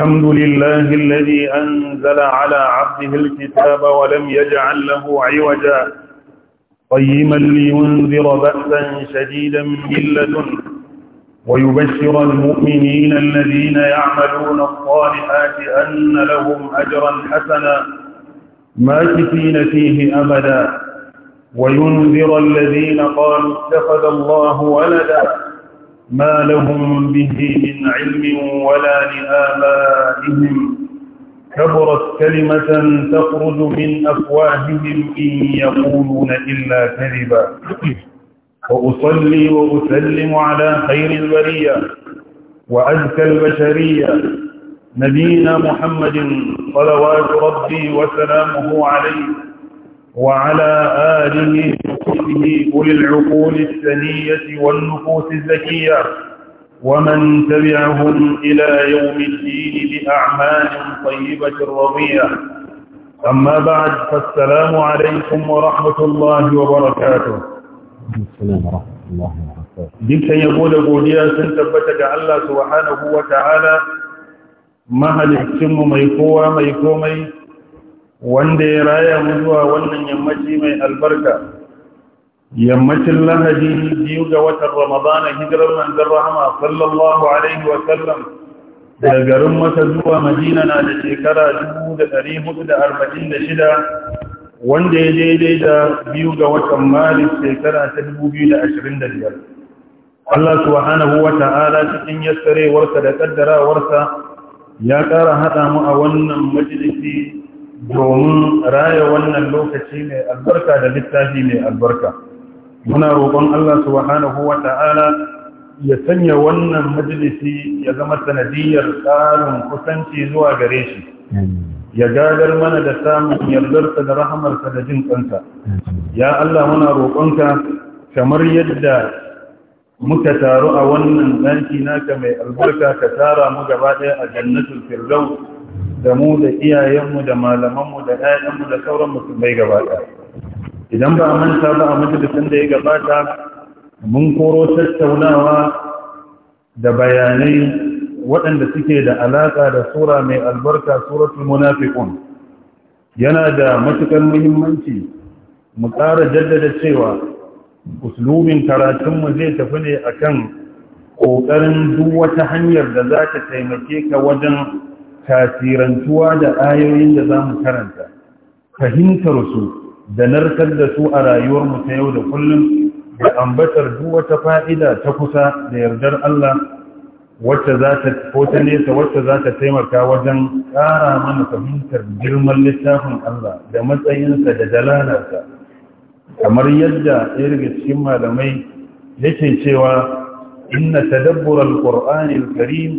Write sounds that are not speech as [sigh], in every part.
الحمد لله الذي أنزل على عبده الكتاب ولم يجعل له عوجا قيما لينذر بأسا شديدا من ويبشر المؤمنين الذين يعملون الصالحات أن لهم أجرا حسنا ماكثين فيه أبدا وينذر الذين قالوا اتخذ الله ولدا ما لهم به من علم ولا لآبائهم كبرت كلمة تخرج من أفواههم إن يقولون إلا كذبا وأصلي وأسلم على خير البرية وأزكى البشرية نبينا محمد صلوات ربي وسلامه عليه وعلى آله وصحبه أولي العقول السنية والنفوس الزكية ومن تبعهم إلى يوم الدين بأعمال طيبة رضية أما بعد فالسلام عليكم ورحمة الله وبركاته السلام ورحمة الله وبركاته جبت يقول قوليا سنتبتك الله سبحانه وتعالى ما هل يحسن ميقوى ميقومي wanda ya raya mu zuwa wannan yammaci mai albarka yammacin lahadi biyu ga watan ramadana hijirar manzon rahama sallallahu alaihi wa sallam da garin masa zuwa madina na da shekara 1446 wanda ya daidai da biyu ga watan maris shekara ta 2025 Allah subhanahu wa ta'ala cikin yassarewarsa da kaddarawarsa ya ƙara haɗa mu a wannan majalisi domin raya wannan lokaci mai albarka da littafi mai albarka muna roƙon Allah subhanahu wata'ala ya sanya wannan majalisi ya zama sanadiyar tsarin kusanci zuwa gare shi ya gadar mana da samun yardarsa da rahamarsa da jin kansa ya Allah muna roƙonka kamar yadda muka taru a wannan ɗanki naka mai albarka ka tara mu gaba ɗaya a jannatul firdau da mu da iyayenmu da malamanmu da ƴaƴanmu da sauran musulmai gaba ɗaya idan ba a manta ba a majalisin da ya gabata mun koro tattaunawa da bayanai waɗanda suke da alaƙa da sura mai albarka suratul munafiqun yana da matukar muhimmanci mu ƙara jaddada cewa uslubin karatunmu zai tafi ne kan ƙoƙarin duk wata hanyar da za ta taimake ka wajen tasirantuwa da ayoyin da za mu karanta fahimtar su da narkar da su a rayuwarmu ta yau da kullum da ambatar duk fa'ida ta kusa da yardar Allah wacce za ta ko nesa wacce za ta taimaka wajen ƙara mana fahimtar girman littafin Allah da matsayinsa da dalalarsa kamar yadda ya daga cikin malamai yake cewa inna tadabbur al-qur'ani al-karim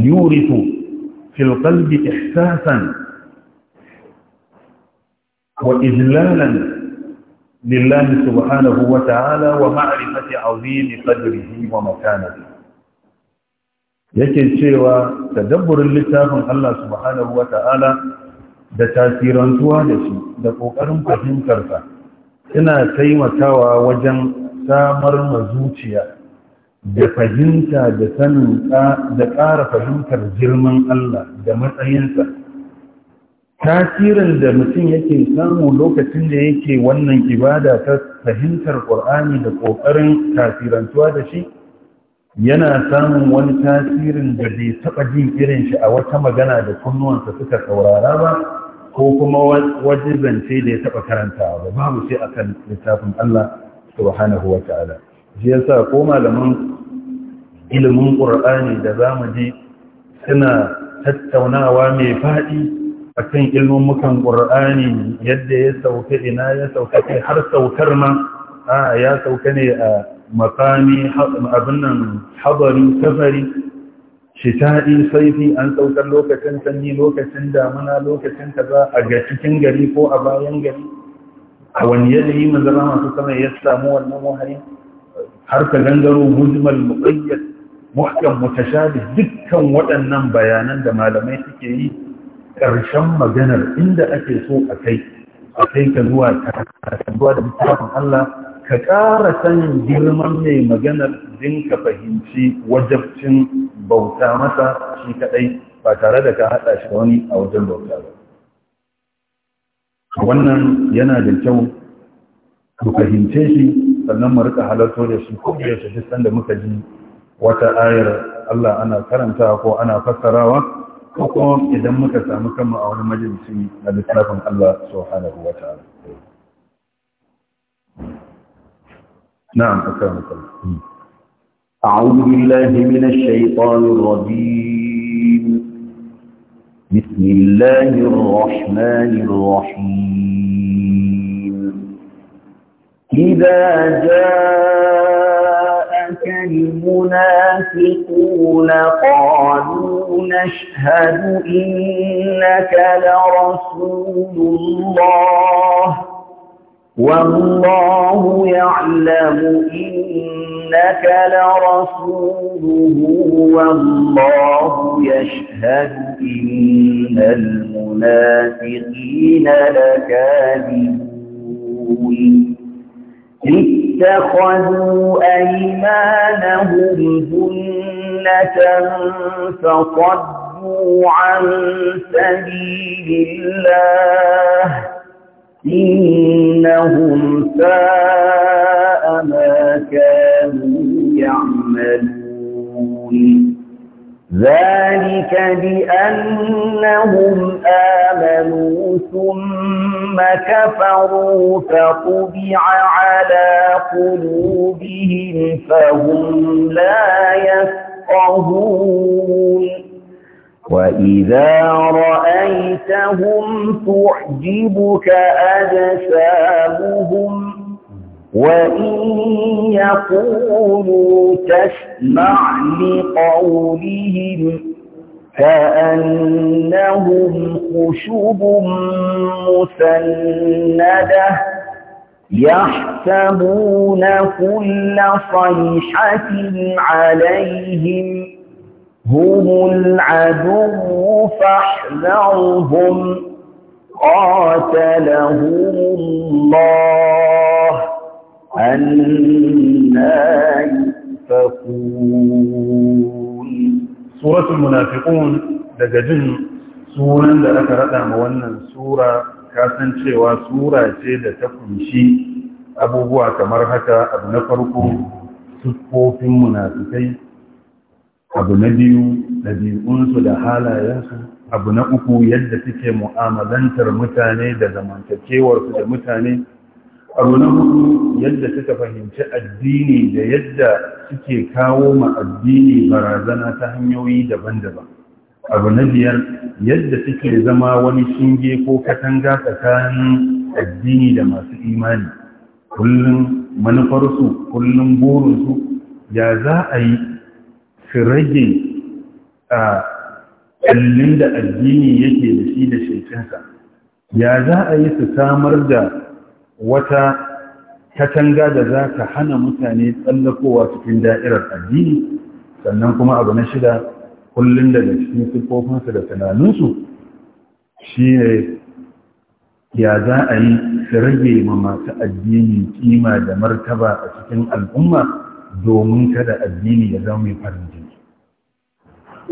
yurithu fil qalbi ihsasan wa ijlalan لله سبحانه وتعالى ومعرفة عظيم قدره ومكانته yake cewa tadabburin littafin Allah subhanahu wa ta'ala da tasirantuwa da shi da ƙoƙarin fahimtarsa ina taimakawa wajen samar ma zuciya da fahimta da sanin da ƙara fahimtar girman Allah da matsayinsa tasirin da mutum yake samu lokacin da yake wannan ibada ta fahimtar ƙur'ani da ƙoƙarin tasirantuwa da shi yana samun wani tasirin da bai taɓa jin irin shi a wata magana da kunnuwansa suka saurara ba ko kuma waje zance da ya taɓa karantawa ba babu sai akan littafin Allah subhanahu wa ta'ala shi ko malaman ilimin ƙur'ani da za mu ji suna tattaunawa mai faɗi a kan mukan ƙur'ani yadda ya sauka ina ya sauka har saukar ma a ya sauka ne a makami abin nan habari safari shita'i saifi an saukar lokacin sanyi lokacin damuna lokacin kaza a ga cikin gari ko a bayan gari a wani yanayi manzara masu sama ya samu wannan wahayi har ka gangaro mujmal muqayyad muhkam mutashabih dukkan waɗannan bayanan da malamai suke yi ƙarshen maganar inda ake so a kai a kai ka zuwa zuwa da littafin Allah ka ƙara sanin girman mai maganar din ka fahimci wajabcin bauta masa shi kadai ba tare da ka haɗa shi wani a wajen bauta ba wannan yana da kyau ku fahimce shi sannan mu rika halarto da shi ko da shi sanda muka ji wata ayar Allah ana karanta ko ana fassarawa ko kuma idan muka samu kanmu a wani majalisi na lissafin Allah subhanahu wa ta'ala na'am akan أعوذ بالله من الشيطان الرجيم بسم الله الرحمن الرحيم إذا جاءك المنافقون قالوا نشهد إنك لرسول الله والله يعلم إنك لرسوله والله يشهد إن المنافقين لكاذبون اتخذوا أيمانهم جنة فصدوا عن سبيل الله إنهم ساء ما كانوا يعملون ذلك بأنهم آمنوا ثم كفروا فطبع على قلوبهم فهم لا يفقهون وَإِذَا رَأَيْتَهُمْ تُعْجِبُكَ أَجْسَامُهُمْ وَإِن يَقُولُوا تَسْمَعْ لِقَوْلِهِمْ كَأَنَّهُمْ خُشُبٌ مُّسَنَّدَةٌ يَحْسَبُونَ كُلَّ صَيْحَةٍ عَلَيْهِمْ هم العدو فاحذرهم قاتلهم الله أنا يؤفكون سورة المنافقون لجدن سورة لك رأى موانا سورة كاسن شوى سورة جيدة تكمشي أبو بوا كمرهكا أبو نفركم سفوف المنافقين abu na biyu ɗabi'unsu da halayensu abu na uku yadda suke mu'amalantar mutane da zamantakewarsu da mutane abu na hudu yadda suka fahimci addini da yadda suke kawo ma addini barazana ta hanyoyi daban-daban abu na biyar yadda suke zama wani shinge ko katanga tsakanin addini da masu imani kullum manufarsu kullum burinsu ya za a yi su rage a kallin da addini yake da shi da shekinsa ya za a yi su samar da wata katanga da za ta hana mutane tsallakowa cikin da'irar addini sannan kuma abu na shida kullum daga cikin siffofinsu da tunaninsu shi ne ya za a yi su rage ma masu addini kima da martaba a cikin al'umma domin kada addini ya zama mai farin jini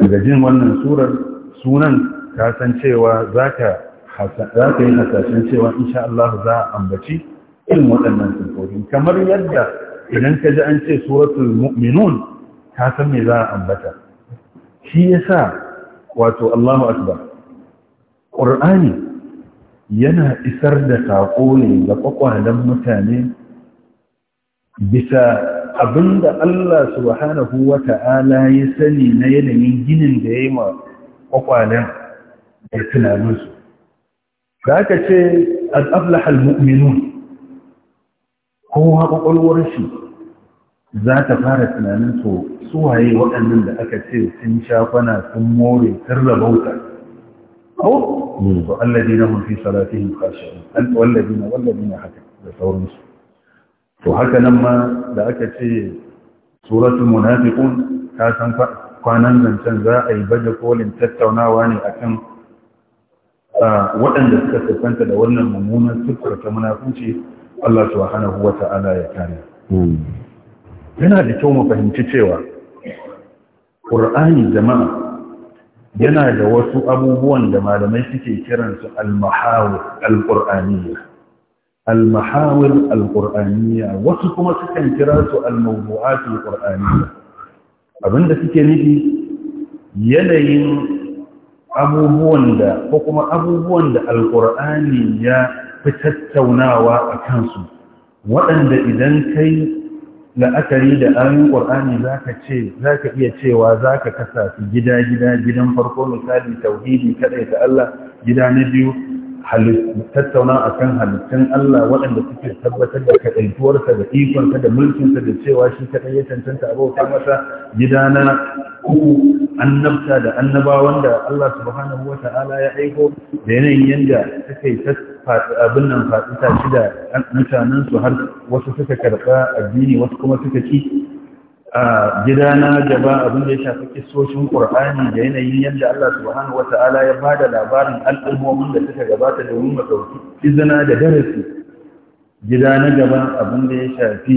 daga jin wannan surar sunan ka san cewa za ka yi hasashen cewa insha Allah za a ambaci irin waɗannan sifofin kamar yadda idan ka ji an ce suratul mu'minun ka san me za a ambata shi yasa wato Allahu akbar Qur'ani yana isar da saƙo ne ga kwakwalen mutane bisa abinda Allah subhanahu wa ta'ala ya sani na yanayin ginin da ya yi ma kwakwalen da tunaninsu. Da aka ce, al'afla mu'minun, kowa kwakwalwar shi za ta fara tunanin su suwaye waɗannan da aka ce sun sha sun more sun rabauta. Ko? To, Allah mafi salatihim kashi, Allah dina, Allah dina haka da sauransu. to haka nan ma da aka ce suratul munafiqun ta san kwanan zancen za a yi baje kolin tattaunawa ne akan waɗanda suka siffanta da wannan mummunan sukar ta munafunci Allah subhanahu wa ta'ala ya kare hmm. yana da kyau mu fahimci cewa Qur'ani jama'a yana da wasu abubuwan da malamai suke kiransu al mahawu al-qur'aniyya al-mahawir wasu kuma sukan kira su al-mawdu'at al-qur'aniyya abinda suke nufi yanayin abubuwan da ko kuma abubuwan da alkur'ani ya fi tattaunawa a kansu waɗanda idan kai la'akari da ayin ƙur'ani za ka ce za ka iya cewa za ka kasa gida-gida gidan farko misali tauhidi kaɗai ta Allah gida na biyu tattauna kan halittun Allah waɗanda suke tabbatar da kaɗaituwarsa da ikonsa da mulkinsa da cewa shi kaɗai ya cancanta abauta masa gida na uku annabta da annabawan da Allah subhanahu wa ta'ala ya aiko da yanayin yadda suka yi abin nan faɗi tashi da mutanensu har wasu suka karɓa addini wasu kuma suka ci a gidana gaba abin da ya shafi kisoshin Qur'ani da yanayin yadda Allah subhanahu wata'ala ya bada labarin al'ummomin da suka gabata domin mun dauki izina da darasi gida na gaba abin da ya shafi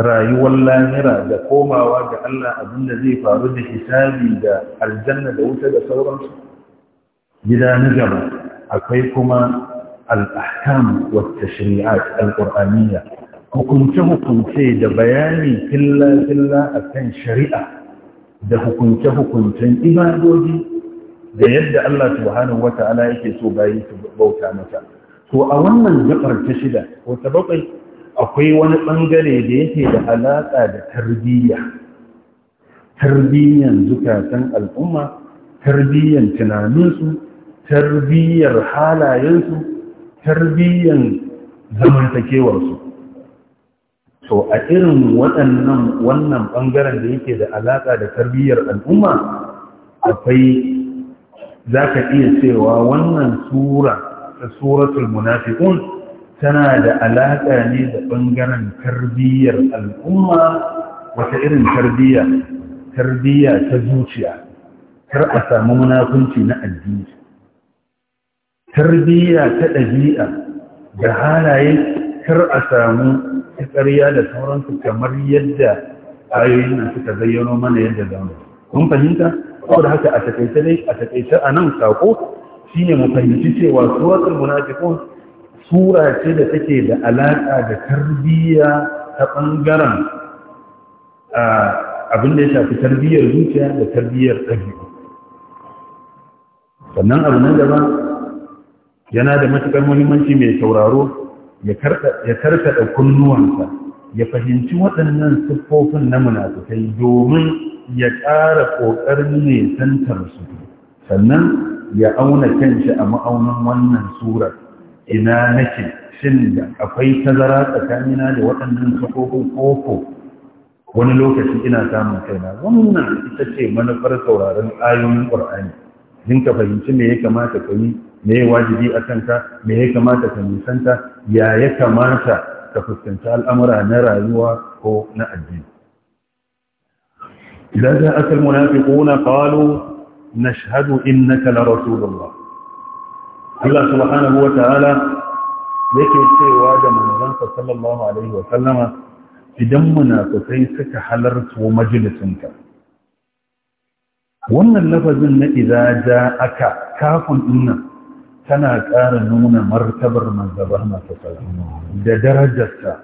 rayuwar lahira da komawa ga Allah abin da zai faru da hisabi da aljanna da wuta da sauransu na gaba akwai kuma al-ahkam wa tashri'at al-qur'aniyya hukunce-hukunce da bayani filla-filla a kan shari'a da hukunce-hukuncen ibadoji da yadda Allah subhanahu wa ta'ala yake so bayi su bauta mata. To a wannan gabar ta shida ko ta bakwai akwai wani bangare da yake da alaƙa da tarbiyya. Tarbiyyan zukatan al'umma, tarbiyyan tunaninsu, tarbiyyar halayensu, tarbiyyan zamantakewarsu. to a irin waɗannan wannan ɓangaren da yake da alaƙa da tarbiyyar al'umma akwai za ka iya cewa wannan sura ta suratul munafiqun tana da alaƙa ne da ɓangaren tarbiyyar al'umma wata irin tarbiyya tarbiyya ta zuciya kar a samu munafunci na addini tarbiyya ta ɗabi'a da halaye kar a samu ta ƙarya da sauransu kamar yadda ayoyin nan suka zayyano mana yadda zama. kun fahimta da haka a takaice dai a takaice a nan sako shine mu fahimci cewa suratul munafikun sura ce da take da alaƙa da tarbiyya ta ɓangaren abin da ya shafi tarbiyyar zuciya da tarbiyyar ɗabi'u sannan abu na gaba yana da matuƙar muhimmanci mai sauraro ya karkada kunnuwansa ya fahimci waɗannan siffofin na munafikai domin ya ƙara ƙoƙarin nesantar su sannan ya auna kanshi a ma'aunin wannan surar ina nake shin da akwai tazara tsakanina da waɗannan siffofin koko wani lokaci ina samun kaina wannan ita ce manufar sauraron ayoyin ƙur'ani din fahimci me ya kamata ka yi me ya wajibi a kanka me ya kamata ka nisanta ya ya kamata ka fuskanci al'amura na rayuwa ko na addini idan za a munafiquna qalu nashhadu innaka la rasulullah Allah subhanahu wa ta'ala yake cewa da manzansa sallallahu alaihi wa sallama idan munafikai suka halarta majalisinka wannan lafazin na idza ja'aka kafin dinnan tana ƙara nuna martabar manzabar masu da darajarsa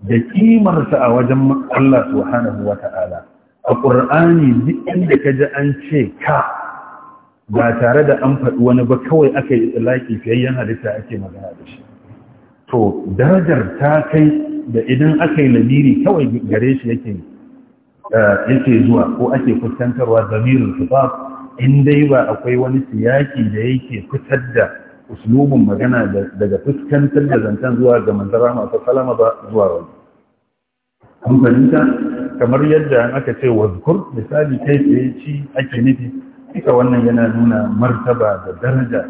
da ƙimarsa a wajen Allah subhanahu wa ta'ala a ƙur'ani duk inda ka ji an ce ka ba tare da an faɗi wani ba kawai aka yi tsalaƙi fiyayyen halitta ake magana da shi to darajar ta kai da idan aka yi lamiri kawai gare shi yake eh, zuwa ko ake fuskantarwa zamirin fitar in dai ba akwai wani siyaki da yake fitar da uslubin magana daga fuskantar da zancen zuwa ga manzara masu salama ba zuwa wani Kamfaninta, kamar yadda aka ce wazkur misali kai tsaye ci ake nufi Kika wannan yana nuna martaba da daraja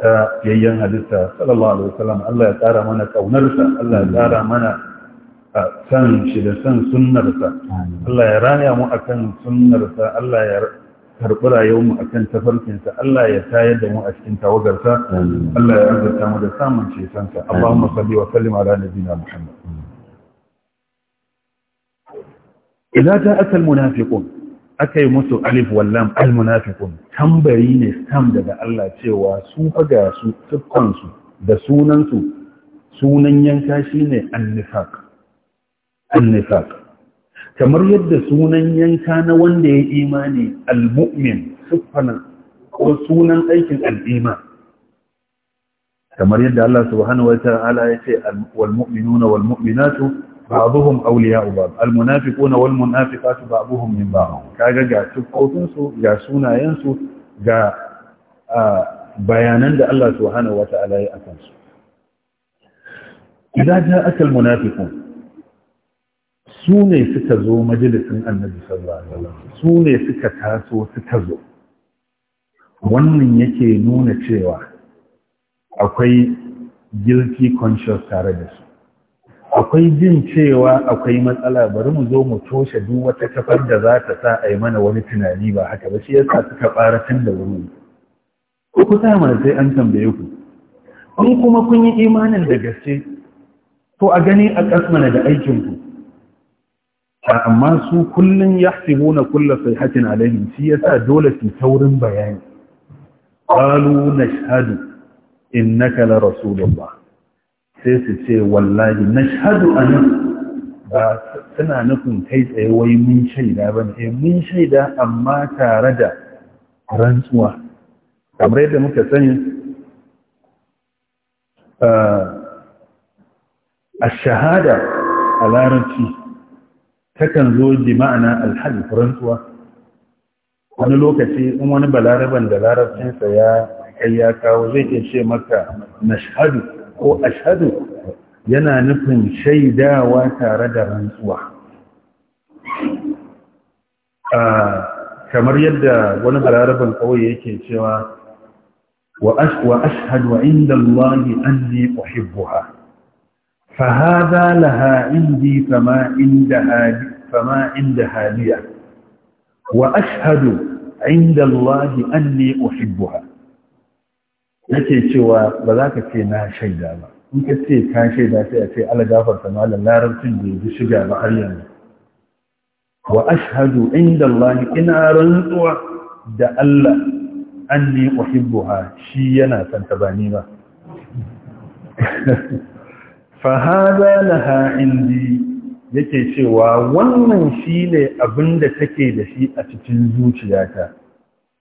ta yayyan halitta sallallahu alaihi wasallam Allah ya tsara mana kaunarsa Allah ya tsara mana a san shi da san sunnarsa Allah ya rana mu a kan sunnarsa Allah ya karɓi rayuwarmu a kan tafarkinsa Allah ya tayar da mu a cikin tawagarsa Allah ya arzuta mu da samun cetonsa Allahumma salli wa sallim ala nabiyina Muhammad idza ta'ata almunafiqun akai musu alif wal lam almunafiqun tambayi ne stam daga Allah cewa su faga su tukkan su da sunan su sunan yanka shine an annifaq kamar yadda sunan yanka na wanda ya imani al-mu'min siffana ko sunan aikin al-iman kamar yadda Allah subhanahu wata'ala ya ce wal mu'minuna wal mu'minatu ba'dhum awliya'u ba'd al munafiquna wal munafiqatu ba'dhum min ba'd kaga ga tukkokin su ga sunayen su ga bayanan da Allah subhanahu wata'ala ya akan su idan ja'aka al munafiqun su ne suka zo majalisin annabi sallallahu alaihi wasallam su ne suka taso suka zo wannan yake nuna cewa akwai guilty conscious tare da su akwai jin cewa akwai matsala bari mu zo mu toshe duk wata kafar da za ta sa a yi mana wani tunani ba haka ba shi yasa suka fara tun da wuri ko ku sa mana sai an tambaye ku in kuma kun yi imanin da gaske to a gani a kasmana da aikin ku amma su kullun yahsibuna sai sayhatin alaihim shi sa dole su taurin bayani in nashhadu innaka la rasulullah sai su ce wallahi nashhadu anan ba suna nufin kai tsaye wai mun shaida ba ne. Eh, mun shaida amma tare da rantsuwa kamar yadda muka sani eh, a shahada a larabci takan zo bi ma'ana alhali rantsuwa wani lokaci in wani balaraban da larabcinsa ya kai ya kawo zai iya ce maka nashadu ko ashhadu yana nufin shaidawa tare da rantsuwa kamar yadda wani balaraban kawai yake cewa wa ashhadu inda Allah anni uhibbuha فهذا لها عندي فما عندها فما عندها لي وأشهد عند الله أني أحبها nake cewa ba za ka ce na shaida ba in ka ce ka shaida sai a ce ala gafarta malam larabcin da yi shiga ba har yanzu wa ashhadu inda Allah ina rantsuwa da Allah anni uhibbuha shi yana santa ba ni ba fahaza laha indi yake cewa wannan shine abinda abin da take da shi a cikin zuciyata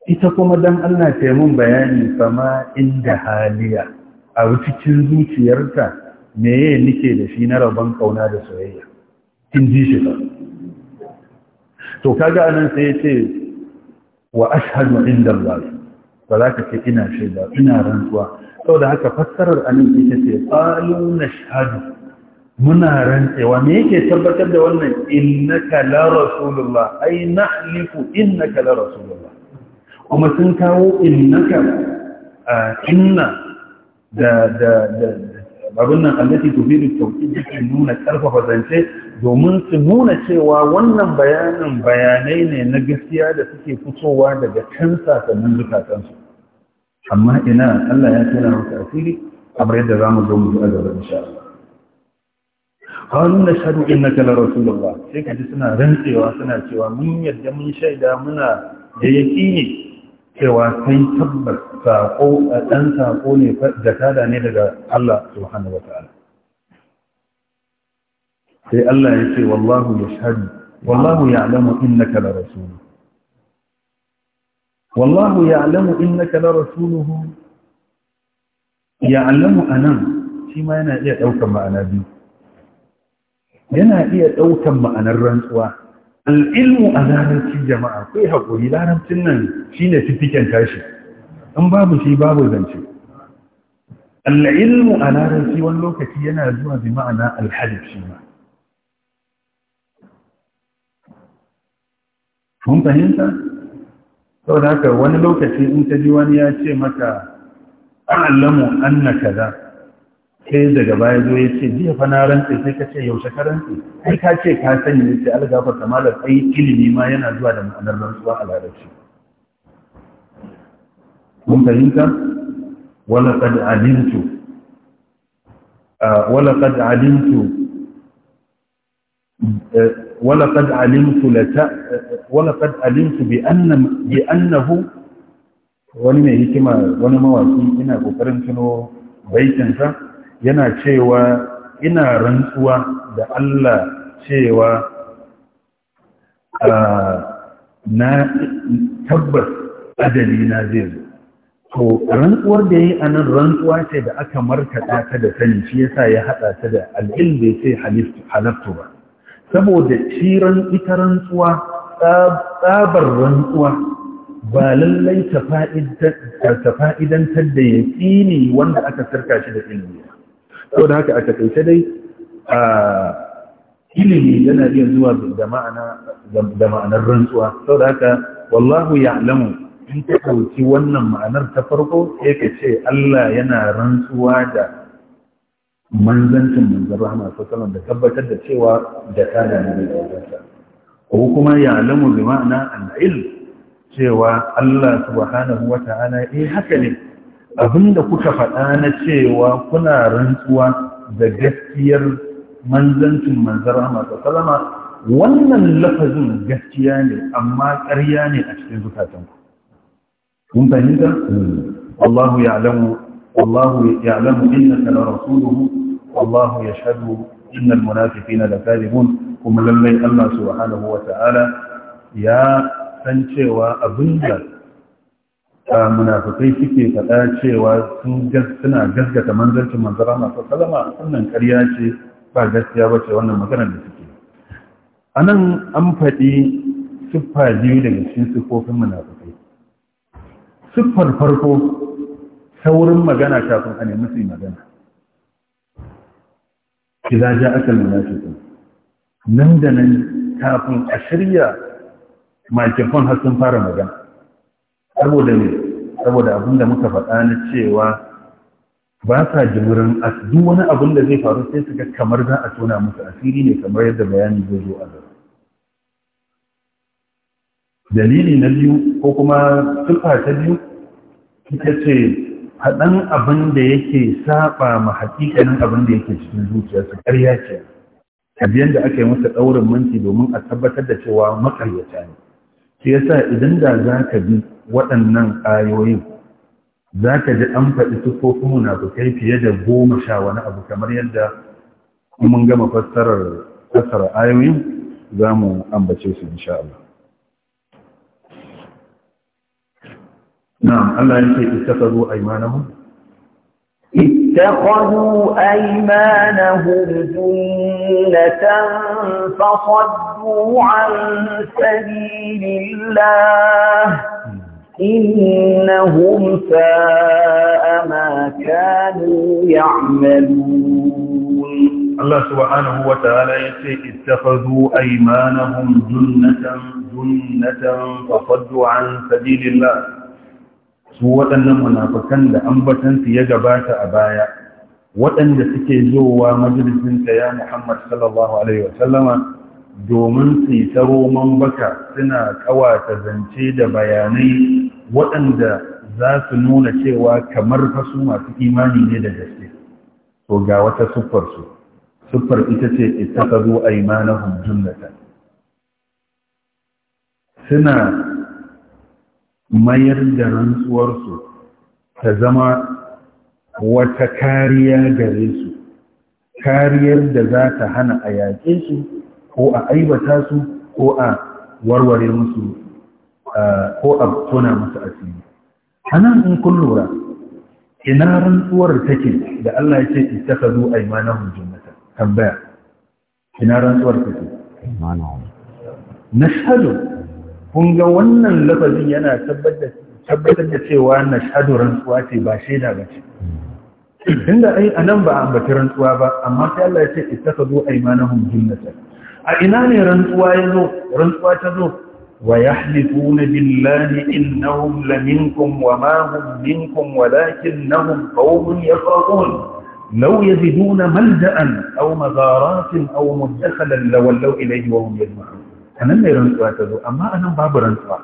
ita kuma dan Allah ta mun bayani fama inda haliya a cikin zuciyarta meye nike da shi na rabon kauna da soyayya in ji shi ba to kaga anan sai yace wa ashhadu inda Allah ba za ka ce ina shaida ina rantsuwa da haka fassarar anan ita ce qalu shahadu, muna rantsewa me yake tabbatar da wannan innaka la rasulullah ai nahlifu innaka la rasulullah kuma sun kawo innaka inna da da da abin nan allati tufidu tawkid yake nuna karfafa zance domin su nuna cewa wannan bayanin bayanai ne na gaskiya da suke fitowa daga can sasannin zukatansu amma ina Allah ya tona maka asiri kamar yadda za mu zo mu a gaba insha Allah qalu nashhadu innaka la rasulullah sai ka ji suna rantsewa suna cewa mun yadda mun shaida muna da yakini cewa kai tabbas sako a dan sako ne zakada ne daga Allah subhanahu wataala sai Allah ya ce wallahu yashhadu wallahu ya'lamu innaka la rasulullah wallahu ya'lamu innaka la rasuluhu ya'lamu anan shi ma yana iya ma'ana biyu yana iya ɗaukan ma'anar rantsuwa al'ilmu a larabcin jama'a kai hakuri larabcin nan shi ne fifiken tashi in babu shi babu zance al'ilmu a larabci wani lokaci yana zuwa bi ma'ana alhalif shi ma kun fahimta sau da haka wani lokaci in ta ji wani ya ce maka allamu an na kaza sai daga baya zo ya ce jiya fa na rantse sai ka ce yaushe ka rantse ai ka ce ka sanya ya ce algafa da ai ilimi ma yana zuwa da ma'anar rantsuwa a larabci mun fahimta wala qad adintu ولقد علمت لتا ولقد علمت wani mai hikima wani mawaki ina kokarin tuno baitinsa yana cewa ina rantsuwa da Allah cewa ah, na tabbas adali na zai zo to rantsuwar da yayi anan rantsuwa ce da aka markada ta da sani shi yasa ya hada ta da al'ilm bai sai halaftu ba saboda ciran ita rantsuwa tsabar rantsuwa ba lallai ta fa'idantar da ya tsini wanda aka sarka shi da ilimi sau da haka a takaice dai a ilimi yana iya zuwa da ma'anar rantsuwa sau da haka wallahu ya alamu in ta ɗauki wannan ma'anar ta farko ya ka ce Allah yana rantsuwa da manzancin manzan rahama sallallahu da tabbatar da cewa da ta da ne da wajensa ko kuma ya alamu bi ma'ana al cewa Allah subhanahu wa ta'ala eh haka ne abinda kuka faɗa na cewa kuna rantsuwa da gaskiyar manzancin manzan rahama salama, wannan lafazin gaskiya ne amma ƙarya ne a cikin zukatanku kun fahimta hmm. Allahu ya'lamu Allahu ya'lamu innaka rasuluhu ya wallahu munafiki na da lakadibun kuma lallai Allah subhanahu wa ta'ala ya san cewa abinda munafikai suke faɗa cewa suna gaskata manzancin manzara masu salama wannan ƙarya ce ba gaskiya ba ce wannan maganar da suke a nan an faɗi siffa biyu daga cikin siffofin munafikai siffar farko saurin magana kafin a nemi su magana idza ja'aka almunafiqun nan da nan kafin a shirya microphone har sun fara magana saboda ne saboda abin da muka faɗa na cewa ba sa jimirin duk wani abin da zai faru sai su ga kamar za a tona musu asiri ne kamar yadda bayani zai zo a gaba dalili na biyu ko kuma sifa ta biyu ita ce faɗan abin da yake saba ma haƙiƙanin abin da yake cikin zuciyarsa ƙarya ce biyan da aka yi masa ɗaurin minti domin a tabbatar da cewa makaryata ne shi yasa idan da za ka bi waɗannan ayoyin za ka ji an faɗi na munafukai fiye da goma sha wani abu kamar yadda mun gama fassarar fassarar ayoyin za mu ambace su insha Allah نعم أما يقول اتخذوا أيمانهم اتخذوا أيمانهم جنة فصدوا عن سبيل الله إنهم ساء ما كانوا يعملون الله سبحانه وتعالى يقول اتخذوا أيمانهم جنة جنة فصدوا عن سبيل الله su waɗannan munafukan da an batansu ya gabata a baya waɗanda suke zowa majalisin ya Muhammad sallallahu alaihi wasallama domin su yi roman baka suna kawata zance da bayanai waɗanda za su nuna cewa kamar fasu masu imani ne da gaske to ga wata siffarsu siffar ita ce ittakhadhu aymanahum junnatan suna mayar da rantsuwarsu ta zama wata kariya gare su kariyar da za ta hana a yaƙe su ko a aibata su ko a warware musu ko a tona musu asiri a nan in kun lura ina rantsuwar take da Allah ya ce ittakhadhu aymanahum jannata tambaya ina rantsuwar take nashhadu kun ga wannan lafazin yana tabbatar da cewa na shadu rantsuwa ce ba shaida ba ce inda ai a nan ba a ambaci rantsuwa ba amma sai Allah ya ce ittaka zo aimanahum jinnata a ina ne rantsuwa ya zo rantsuwa ta zo wa yahlifuna billahi innahum laminkum wa ma hum minkum walakinnahum qaumun yafraqun لو يجدون ملجأ أو مغارات أو مدخلا لولوا إليه وهم يجمعون a nan mai rantsuwa ta zo amma a nan babu rantsuwa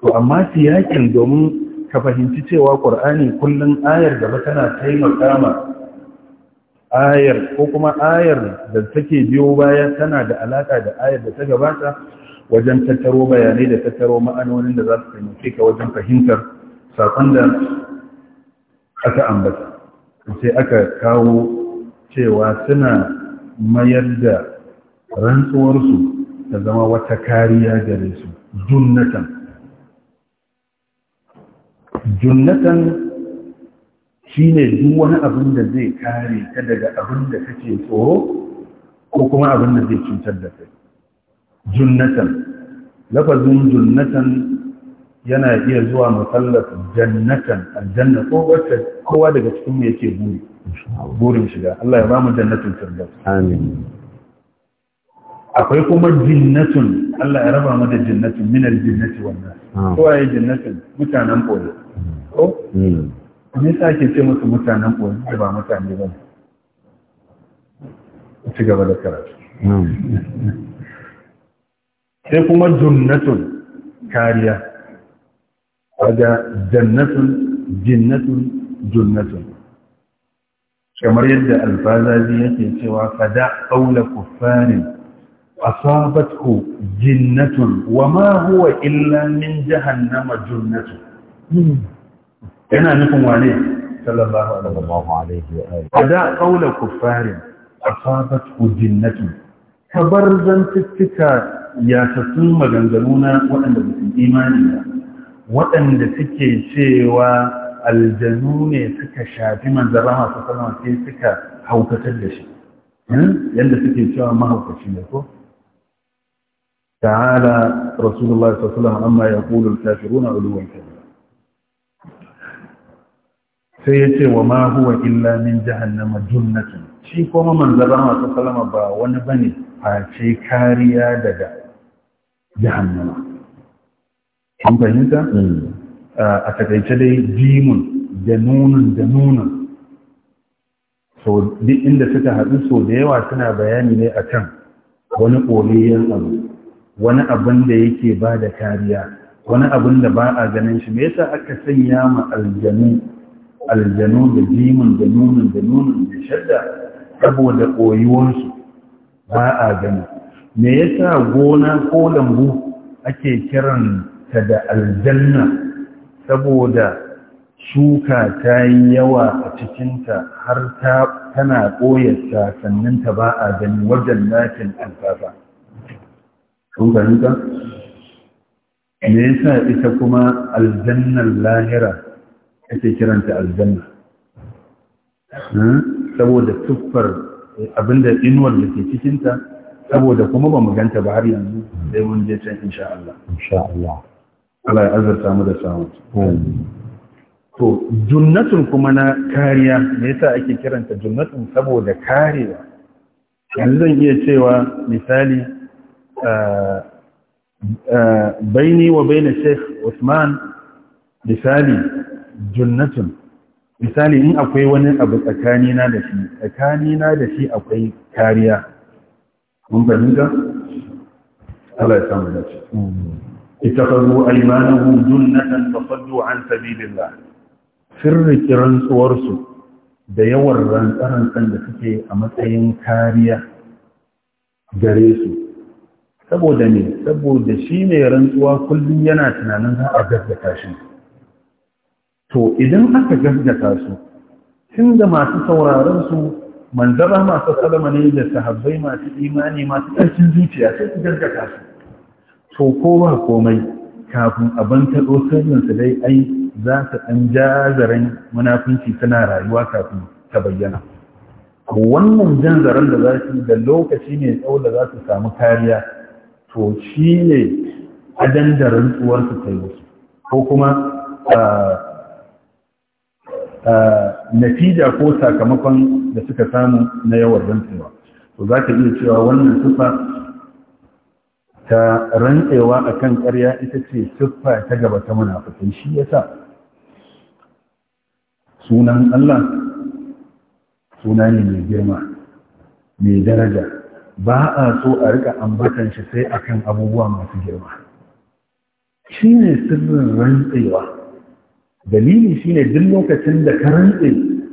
to amma siyakin domin ka fahimci cewa ƙur'ani kullum ayar gaba tana taimaka ma ayar ko kuma ayar da take biyo baya tana da alaƙa da ayar da ta gabata wajen tattaro bayanai da tattaro ma'anonin da za su taimake ka wajen fahimtar saƙon da aka ambata sai aka kawo cewa suna mayar da rantsuwarsu ta zama wata kariya gare su junnatan junnatan shine duk wani abin da zai kare ka daga abin da kake tsoro ko kuma abin da zai cutar da kai junnatan lafazin junnatan yana iya zuwa musallas jannatan aljanna ko wacce kowa daga cikin mu yake buri burin shiga Allah ya ba mu jannatin firdaus amin akwai kuma jinnatun Allah ya raba mata da jinnatun minar jinnati wannan ah. Kowa ai jinnatun mutanen boye ko hmm. me yasa ke ce musu mutanen boye da ba mutane ba ci gaba da karatu hmm. [laughs] sai kuma jinnatun kariya daga jannatun jinnatun jinnatun kamar yadda alfazazi yake cewa fada aula kuffarin asabatu jinnatun wa ma huwa illa min jahannama junnatun yana nufin wane sallallahu alaihi wa alihi ada qaula kuffarin asabathu jinnatun kabar zantuttuka ya tattun maganganu na waɗanda ba su imani ba waɗanda suke cewa aljanu ne suka shafi manzara masu salama sai suka haukatar da shi yadda suke cewa mahaukaci ne ko تعالى رسول الله صلى الله عليه وسلم عما يقول الكافرون علوا كبيرا sai ya ce wa ma huwa illa min jahannama junnatun shi kuma manzara masu salama ba wani bane face kariya daga jahannama an fahimta a takaice dai jimun da nunun da so duk inda suka haɗu so da yawa suna bayani ne a kan wani ƙoriyen abu wani abin da yake ba da kariya wani abin da ba a ganin shi me yasa aka sanya ma aljanu aljanu da jimin da nunin da nunin da shadda saboda koyuwarsu ba a gani me yasa gona ko lambu ake kiran ta da aljanna saboda shuka ta yi yawa a cikinta har ta tana ɓoye sannan ta ba a gani wajen latin alfafa kun fahimta me yasa ita kuma aljannar lahira ake kiranta aljanna hmm? saboda tuffar eh, abinda inuwar da ke cikinta saboda kuma ba mu ganta ba har yanzu sai mun je can insha Allah insha Allah Allah ya azurta mu da samu to junnatun kuma na kariya me yasa ake kiranta junnatun saboda karewa yanzu zan iya cewa misali baini wa baina sheikh usman misali junnatun misali in akwai wani abu tsakanina da shi tsakanina da shi akwai kariya mun fahimta Allah ya samu dace ittakhadhu aymanahum junnatan fasaddu an sabilillah sirri rantsuwar su da yawan rantsan da suke a matsayin kariya gare su saboda ne saboda shi mai rantsuwa kullum yana tunanin za a gaggata shi to idan aka gaggata su tun da masu sauraron su manzara masu salama ne da sahabbai masu imani masu ƙarfin zuciya sai su gaggata su to ko ba komai kafin abin taɗo sirrinsu dai ai za su ɗan jazaren munafunci tana rayuwa kafin ta bayyana wannan jan zaren da za su da lokaci ne tsawon da za su samu kariya to shi ne adan da rantsuwarsu ta yi musu ko kuma nafija ko sakamakon da suka samu na yawar rantsuwa to za ka iya cewa wannan siffa ta rantsewa a kan karya, ita ce siffa ta gaba ta munafukai shi ya sa sunan Allah suna ne mai girma mai daraja ba a so a rika ambatan shi sai akan abubuwa masu girma shi ne sirrin rantsewa dalili shi ne duk lokacin da ka rantse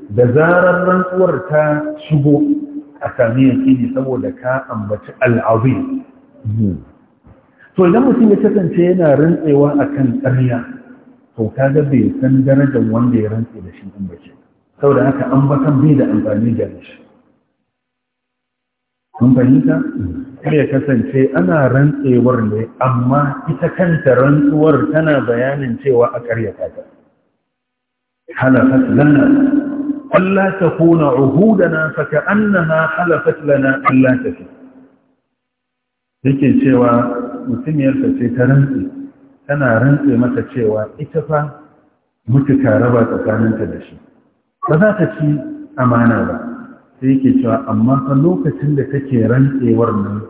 da zarar rantsuwar ta shigo a sami ne saboda ka ambaci al'adu. Hmm. to idan mutum ya kasance yana rantsewa akan ƙarya to kaga bai san darajar wanda ya rantse da shi ambaci saboda haka ambatan bai da amfani da shi kun fahimta kar ya kasance ana rantsewar ne amma ita kanta rantsuwar tana bayanin cewa a karyata ta halafat lana Allah ta kuna uhudana fa ka'annaha halafat lana Allah ta fi yake cewa mutumiyarsa ce ta rantse tana rantse mata cewa ita fa mutuka raba tsakaninta da shi ba za ta ci amana ba sai yake cewa amma lokacin da take rantsewar nan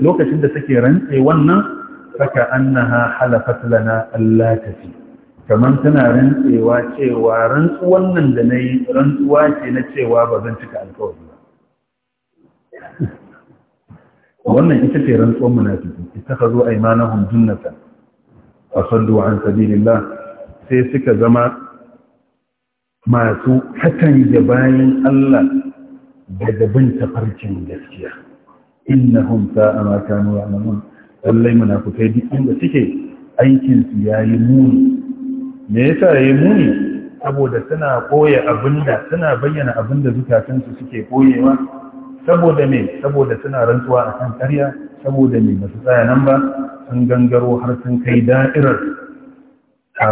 lokacin da take rantsewar nan saka annaha halafat lana Allah tafi kaman tana rantsewa cewa rantsuwan nan da nayi rantsuwa ce na cewa ba zan cika alƙawari ba wannan ita ce rantsuwan munafiki ittakhadhu aymanahum junnatan wa saddu an sabilillah sai suka zama masu hakan da bayan Allah daga bin tafarkin gaskiya Inna hun sa'a ma kanu ya'malun lallai kai duk inda suke aikin su yi muni me yasa yi muni saboda suna koya abinda suna bayyana abinda zukatan su suke koyewa saboda me saboda suna rantsuwa kan karya, saboda me ba su tsaya nan ba sun gangaro har sun kai da'irar a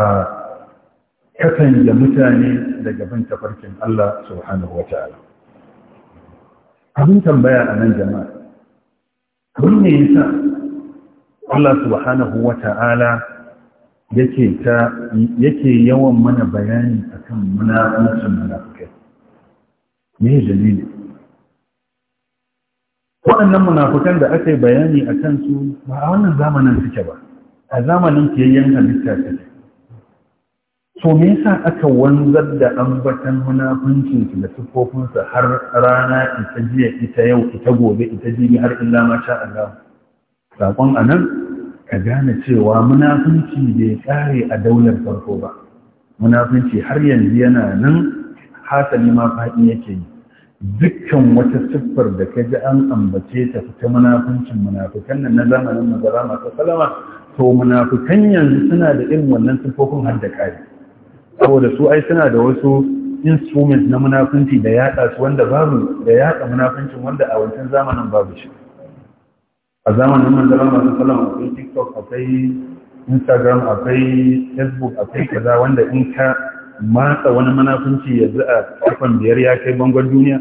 kasance mutane daga bin tafarkin Allah subhanahu wa ta'ala abin tambaya a nan jama'a abin ne yasa Allah subhanahu wa ta'ala yake ta yake yawan mana bayani akan munafincin munafikai me dalili waɗannan munafukan da aka yi bayani akan su ba a wannan zamanin suke ba a zamanin fiyayyen halitta suke to me yasa aka wanzar da ambatan su da tufofinsa har rana ita jiya ita yau ita gobe ita jibi har illa ma sha Allah sakon anan ka gane cewa munafunci bai kare a daular farko ba munafunci har yanzu yana nan hasali ma faɗi yake yi dukkan wata siffar da ka ji an ambace ta fita munafuncin munafukan nan na zamanin mazara masu salama to munafukan yanzu suna da irin wannan siffofin har da kare saboda su ai suna da wasu instruments na munafunci da yaɗa su wanda babu da yaɗa munafuncin wanda a wancan zamanin babu shi a zamanin manzara masu salam akwai tiktok akwai instagram akwai facebook akwai kaza wanda in ka matsa wani munafunci yanzu a kafan biyar ya kai bangon duniya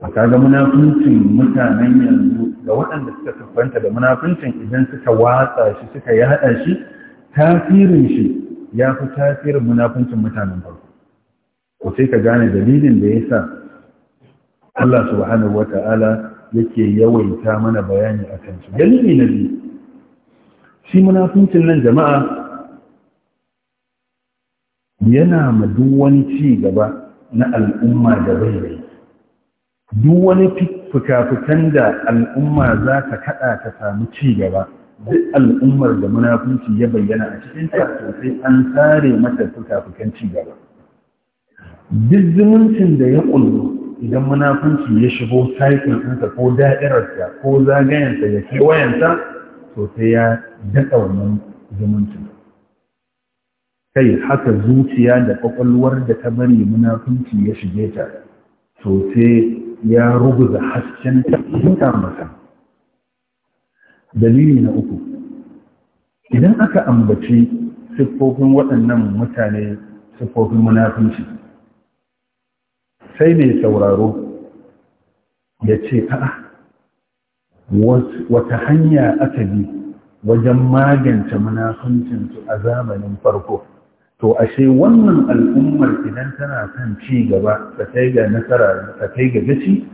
a kaga munafuncin mutanen yanzu da waɗanda suka siffanta da munafuncin idan suka watsa shi suka yaɗa shi tasirin shi ya fi tasirin munafuncin mutanen farko ko sai ka gane dalilin da ya sa Allah subhanahu wa ta'ala yake yawaita mana bayani a kansu dalili na biyu shi munafuncin nan jama'a yana ma duk wani ci gaba na al'umma da bai bai duk wani fikafikan da al'umma za ta kada ta samu ci gaba duk al'ummar da munafunci ya bayyana a cikin sai an sare mata fuka-fukan ci gaba duk zumuncin da ya kullu idan munafunci ya shigo saikin ko da'irarsa ko zagayensa ya kewayensa to sai ya daɗa wannan zumuncin kai haka zuciya da ƙwaƙwalwar da ta bari munafunci ya shige ta to sai ya ruguza hasken ta mata dalili na uku idan aka ambaci siffofin waɗannan mutane siffofin munafunci sai mai sauraro ya ce a'a wata hanya aka bi wajen magance su a zamanin farko to ashe wannan al'ummar idan tana kan ci gaba ta kai ga nasara ta kai ga gaci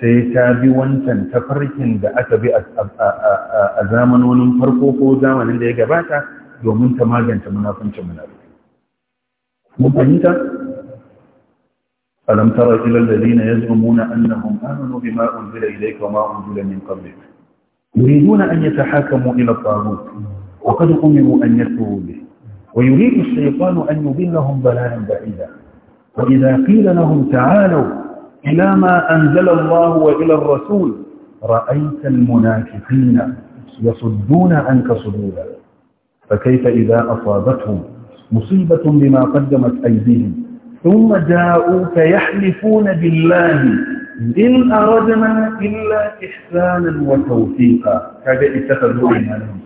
sai ta bi wancan tafarkin da aka bi a zamanonin farko ko zamanin da ya gabata domin ta maganta munafuncin munafiki mun fahimta alam tara ila alladhina yaz'umuna annahum amanu bima unzila ilayka wama unzila min qablik yuriduna an yatahakamu ila at-taghut wa qad umiru an yakfuru bih wa yuridu ash-shaytanu an yudillahum dalalan ba'ida wa idha qila lahum ta'alu إلى ما أنزل الله وإلى الرسول رأيت المنافقين يصدون عنك صدودا فكيف إذا أصابتهم مصيبة بما قدمت أيديهم ثم جاءوك يحلفون بالله إن أردنا إلا إحسانا وتوفيقا هذا اتخذوا إيمانهم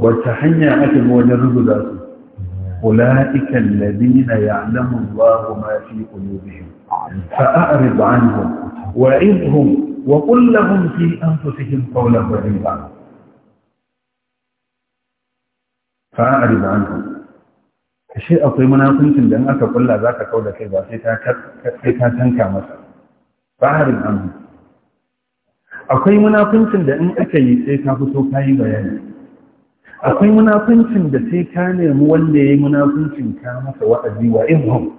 وتحنى أكل وجرد ذاته أولئك الذين يعلم الله ما في قلوبهم فأعرض عنهم وعظهم وقل لهم في أنفسهم قولا بليغا فأعرض عنهم الشيء أطيب من أن كنت لأن أنت قل ذاك قول كذا فيك تنكى مثلا فأعرض عنهم أقيم من أن كنت لأن أكيد فيك تنكى مثلا akwai munafuncin da sai ka nemi wanda ya yi munafuncin ka masa wa'azi wa ihun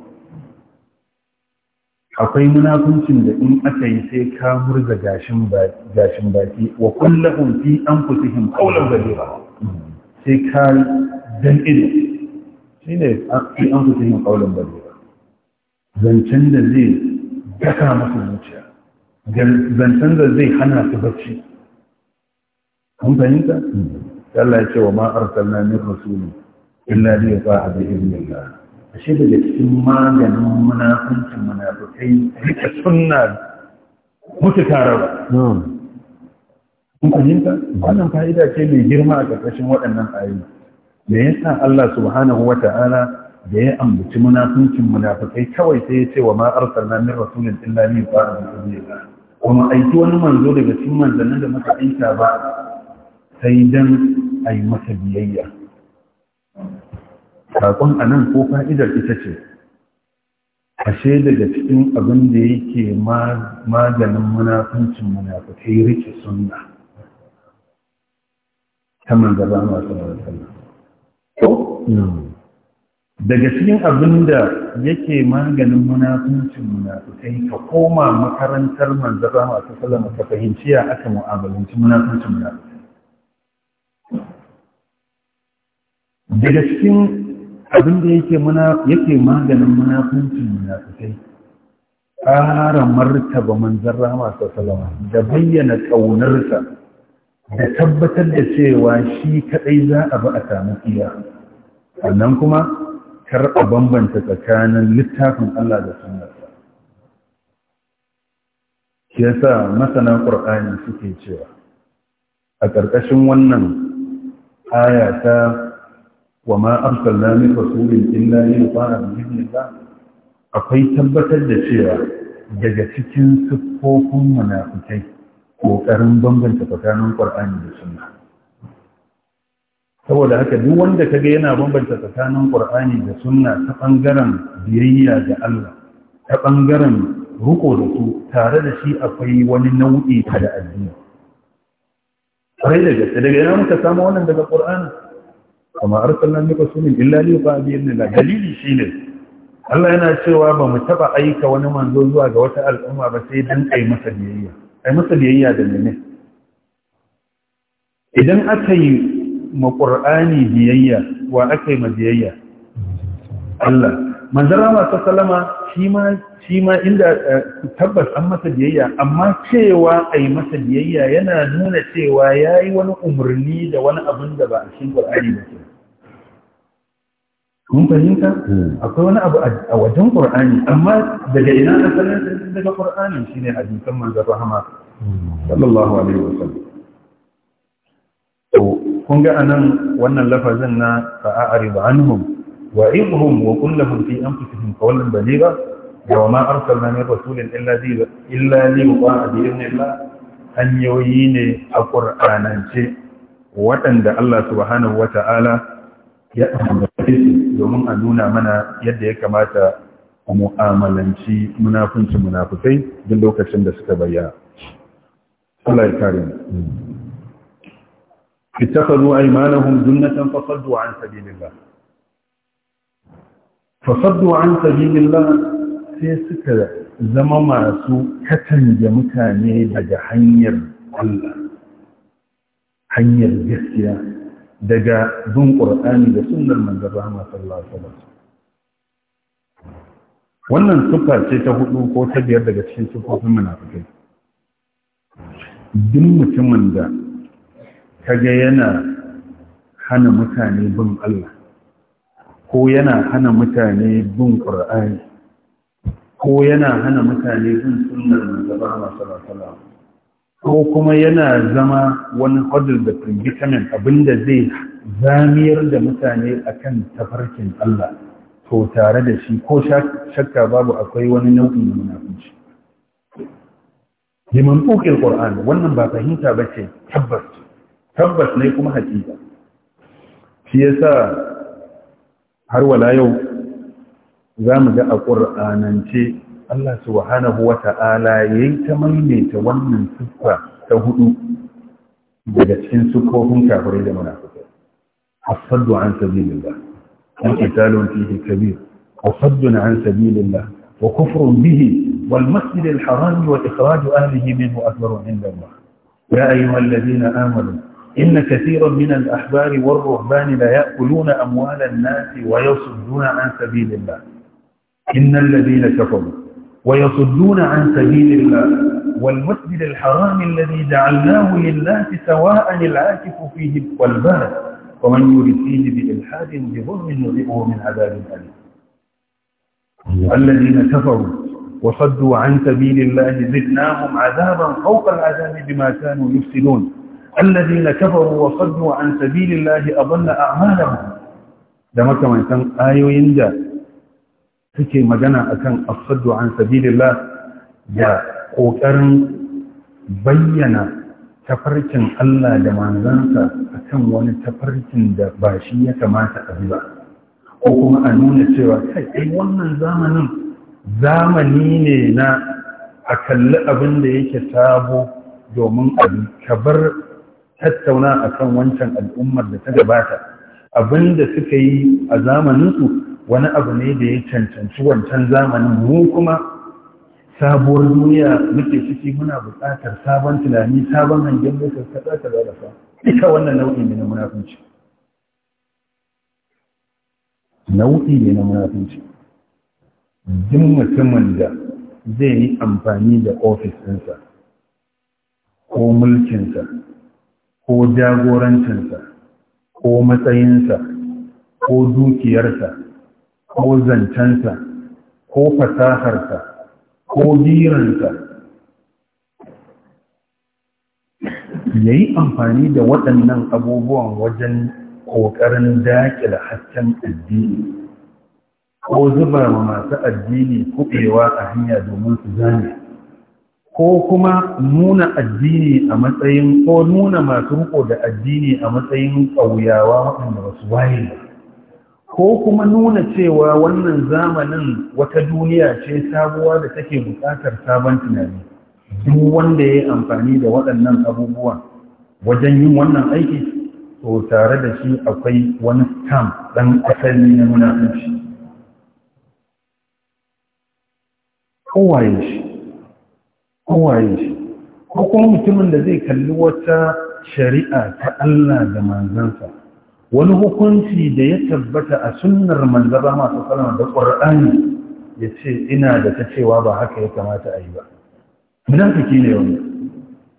akwai munafuncin da in aka yi sai ka murza gashin baki wa kullahum fi anfusihim qawlan zabira sai ka dan ido shine fi anfusihim qawlan zabira zancen da zai daka masa zuciya zancen da zai hana su bacci kun fahimta Allah ya ce wa ma arsalna min rasulin illa li yata'a bi idnillah ashe daga cikin maganin munafincin munafikai rike sunna mutu tarar kun fahimta wannan fa'ida ce mai girma a ƙarƙashin waɗannan ayoyi Me yasa Allah subhanahu wa ta'ala da ya ambaci munafincin munafikai kawai sai ya ce wa ma arsalna min rasulin illa li yata'a bi idnillah kuma aiki wani manzo daga cikin manzannin da muka aika ba sai dan a yi masa biyayya saƙon a nan ko fa'idar ita ce ashe daga cikin abin da yake maganin munafuncin munafukai rike sunna ta manzara masu rarrafa To, daga cikin abin da yake maganin munafuncin munafukai ka koma makarantar manzara masu salama ka fahimci ya aka mu'amalanci munafuncin munafukai daga cikin abin da yake muna yake maganin munafunci munafikai ƙara martaba manzan rahama sallallahu da bayyana ƙaunarsa da tabbatar da cewa shi kaɗai za a ba a samu iya sannan kuma kar a bambanta tsakanin littafin Allah da sunarsa ya sa masana ƙur'ani suke cewa a ƙarƙashin wannan haya ta wa ma arsalna min rasulin illa liyuta'a bi akwai tabbatar da cewa daga cikin siffofin munafikai kokarin bambanta tsakanin Qur'ani da Sunna saboda haka duk wanda kaga yana bambanta tsakanin Qur'ani da Sunna ta bangaren biyayya ga Allah ta bangaren ruko da su tare da shi akwai wani nau'i ta da addini da daga daga yana muka samu wannan daga Qur'ani kama arsalna min rasulin illa li yuqa bi idnillah dalili ne. Allah yana cewa ba mu taba aika wani manzo zuwa ga wata al'umma ba sai dan kai masa biyayya ai masa biyayya da mene idan aka yi ma ƙur'ani biyayya wa aka yi ma biyayya Allah Manzara masu salama shi ma inda eh, tabbas an masa biyayya amma cewa a yi masa biyayya yana nuna cewa ya yi wani umarni da wani abin da ba a cikin ƙwar'ani ba ke mun fahimta hmm. akwai wani abu a wajen ƙwar'ani amma daga ina asalin daga ƙwar'ani shi ne a jikin manzan rahama hmm. sallallahu alaihi wasallam kun ga anan wannan lafazin na fa'a'ari ba anhum وعظهم وقل لهم في أنفسهم قولا بليغا وما أرسلنا من رسول إلا ذي إلا ليطاع بإذن الله أن يوين القرآن شيء وتند الله سبحانه وتعالى domin a nuna mana yadda ya kamata a mu'amalanci munafunci munafukai duk lokacin da suka bayyana. Allah ya kare mu. Ittakhadhu aymanahum junnatan fasaddu an sabilillah sai suka zama masu katange mutane daga hanyar Allah hanyar gaskiya daga bin ƙur'ani da sunnar manzon rahama sallallahu alaihi wasallam wannan sufa ce ta hudu ko ta biyar daga cikin sufofin munafikai duk mutumin da kaga yana hana mutane bin Allah ko yana hana mutane bin ƙur'ani ko yana hana mutane bin sunan manzaba a masarar ko kuma yana zama wani hodar da firgitamin abinda zai zamiyar da mutane akan tafarkin Allah to tare da shi ko shakka babu akwai wani nau'in munafunci liman tuƙin ƙur'ani wannan ba fahimta ba ce tabbas tabbas ne kuma hakika shi yasa har wala yau za mu ga a ƙur'anance Allah subhanahu wa ta'ala ya yi ta maimaita wannan siffa ta hudu daga cikin siffofin kafirai da munafikai asaddu an sabilillah an qitalun fihi kabir asaddu an sabilillah wa kufrun bihi wal masjid al haram wa ikhraj ahlihi minhu akbar inda Allah ya ayyuhal ladina amanu إن كثيرا من الأحبار والرهبان لا يأكلون أموال الناس ويصدون عن سبيل الله إن الذين كفروا ويصدون عن سبيل الله والمسجد الحرام الذي جعلناه لله سواء العاكف فيه والبارد ومن يريد فيه بإلحاد بظلم نذئه من عذاب أليم الذين كفروا وصدوا عن سبيل الله زدناهم عذابا فوق العذاب بما كانوا يفسدون الذين كفروا وصدوا عن سبيل الله أضل أعمالهم da makamantan ayoyin da suke magana akan afsaddu an sabilillah da ƙoƙarin bayyana tafarkin Allah da manzansa akan wani tafarkin da ba shi ya kamata a bi ba ko kuma a nuna cewa kai ai wannan zamanin zamani ne na a kalli abin da yake sabo domin abi ka bar tattauna a kan wancan al'ummar da ta gabata abin da suka yi a zamaninsu wani abu ne da ya cancanci wancan zamanin mu kuma sabuwar duniya muke ciki muna buƙatar sabon tunani sabon hangen da kaza ta da fa wannan nau'i ne na munafunci nau'i ne na munafunci duk mutumin da zai yi amfani da ofis ɗinsa ko mulkinsa ko jagorancinsa ko matsayinsa ko dukiyarsa ko zancensa ko fasaharsa ko biransa ya yi amfani da waɗannan abubuwan wajen ƙoƙarin daƙila hasken addini ko zuba wa masu addini kuɓewa a hanya domin su zane ko kuma nuna addini a matsayin ko nuna masu riko da addini a matsayin ƙauyawa waɗanda ba su waye ba ko kuma nuna cewa wannan zamanin wata duniya ce sabuwa da take buƙatar sabon tunani duk wanda ya yi amfani da waɗannan abubuwa wajen yin wannan aiki to tare da shi akwai wani stamp ɗan asali na munafunci kowaye shi kowaye shi ko kuma mutumin da zai kalli wata shari'a ta Allah da manzansa wani hukunci da ya tabbata a sunnar manzaba masu kalama da ƙwar'ani ya ce ina da ta cewa ba haka ya kamata a yi ba munafiki ne wani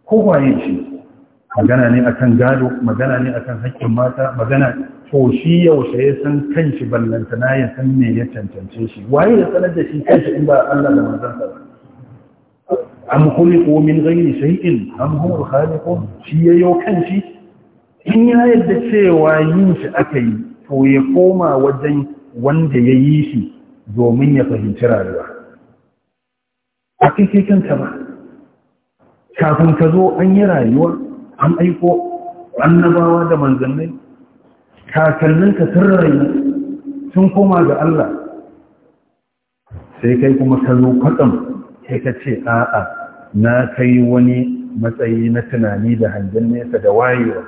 kowaye shi magana ne akan gado magana ne akan haƙƙin mata magana to shi yaushe ya san kanshi ballantana ya san me ya cancance shi waye ya sanar da shi kanshi in ba Allah da manzansa ba An khuliqu min ghairi shay'in am hum al-khaliqun shi kan shi. in ya yadda cewa yin shi aka yi to ya koma wajen wanda ya yi shi domin ya fahimci rayuwa a kai kanta ba kafin ka zo an yi rayuwa an aiko annabawa da manzannai Kakannin sun rayu sun koma ga Allah sai kai kuma ka zo kwatsam sai ka ce a'a na kai wani matsayi na tunani da hangen nesa da wayewa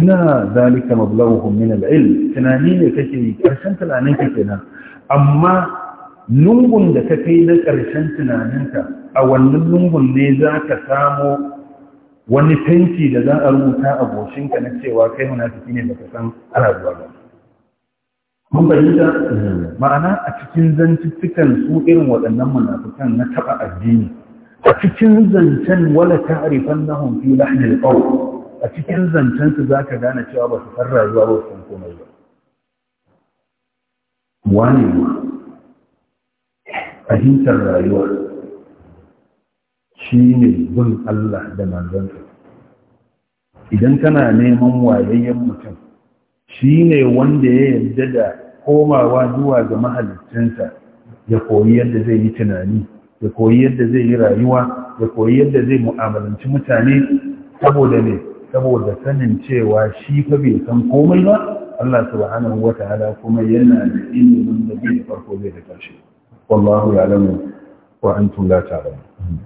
ina zalika mablaghuhum min al-ilm tunani ne kake yi karshen tunanin ka kenan amma lungun da ka kai na karshen tunaninka a wannan lungun ne za ka samo wani fenti da za a rubuta a goshinka na cewa kai munafiki ne ka san ana zuwa ba mun fahimta hmm. ma'ana a cikin zantuttukan su irin waɗannan munafikan na taɓa addini a cikin zancen wala ta'rifan nahum fi lahnil qawl a cikin zancen su zaka gane cewa ba su san rayuwa ba su komai ba wani fahimtar rayuwa shi ne bin Allah da manzansa idan kana neman wayayyen mutum shi ne wanda ya yarda da komawa zuwa ga mahalittinsa ya koyi yadda zai yi tunani ya koyi yadda zai yi rayuwa ya koyi yadda zai mu'amalanci mutane saboda ne saboda sanin cewa shi fa bai san komai ba Allah subhanahu wa ta'ala kuma yana da ilimin da bai farko bai da karshe wallahu ya'lamu wa antum la ta'lamun